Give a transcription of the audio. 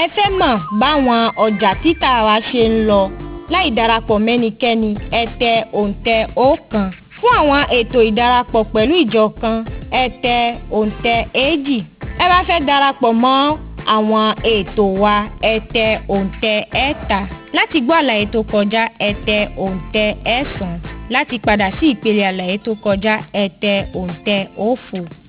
ẹ fẹ́ mọ̀ báwọn ọjà títà wa ṣe ń lọ láì darapọ̀ mẹ́nikẹ́ni ẹ tẹ òǹtẹ̀ ọ̀kan fún àwọn ètò ìdarapọ̀ pẹ̀lú ìjọ kan ẹ tẹ òǹtẹ̀ èjì ẹ bá fẹ́ darapọ̀ mọ́ àwọn ètò wa ẹ tẹ òǹtẹ̀ ẹ̀ta láti gbọ́ àlàyé tó kọjá ẹ tẹ òǹtẹ̀ ẹ̀sán láti padà sí ìpele àlàyé tó kọjá ẹ tẹ òǹtẹ̀ òfo.